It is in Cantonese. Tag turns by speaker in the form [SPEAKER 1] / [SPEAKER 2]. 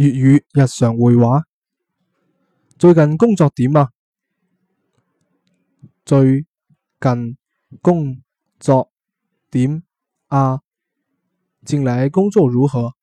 [SPEAKER 1] 粵語日常會話，最近工作點啊？最近工作點啊？近來工作如何？